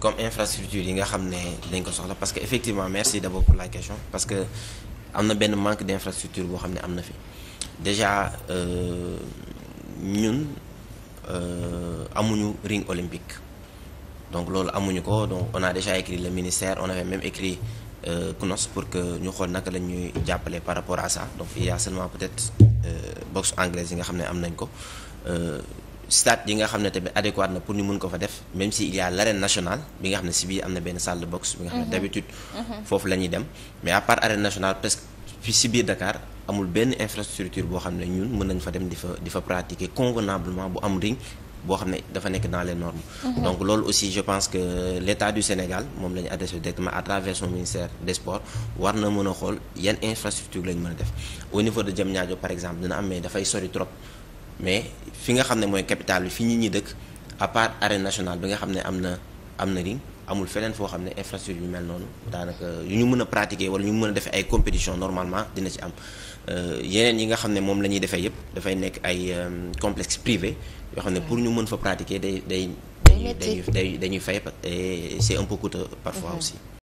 comme infrastructure yi nga xam ne dañ ko soxla parce que effectivement merci d'abord pour la question parce que am na benn manque d'infrastructure boo xam ne am na fi déjà euh, ñun euh, amuñu ring olympique donc loolu amuñu ko donc on a déjà écrit le ministère on même écrit CNOSS euh, pour que ñu xool naka la ñuy jàppale par rapport à ça donc il y être boxe anglaise yi nga xam ne am nañ ko stade yi nga xam ne tamit adéquat na pour ñu mun ko fa def même si il y a bi nga xam ne si biir am na benn salle de boxe bi nga xam ne mhm. Mhm. foofu la ñuy dem mais à part arène nationale presque fii si biir Dakar amul benn infrastructure boo xam ne ñun mën nañ fa dem di fa di fa pratiquer bu am ring boo xam ne dafa nekk dans les normes mmh. donc je pense que l'État du Sénégal moom la ñu adressé directement à travers son des sports war na mën xool yan infrastructure la mën a def au niveau de Diamniadio par exemple dina am dafay sori trop mais fi nga xam ne mooy capital bi fi nit ñi dëkk à part arène national bi nga xam ne am na am na ring amul feneen foo xam ne infrastructure yu mel noonu daanaka yu ñu mën a pratiquer wala ñu mën a defee ay compétition normalement dina ci am euh, yeneen yi nga xam ne moom la ñuy defee yëpp dafay nekk ay euh, complexe privé yoo xam ne pour ñu mën fa pratiquer day day day dañuy fay et c'est un peu coûteux parfois mm-hmm. aussi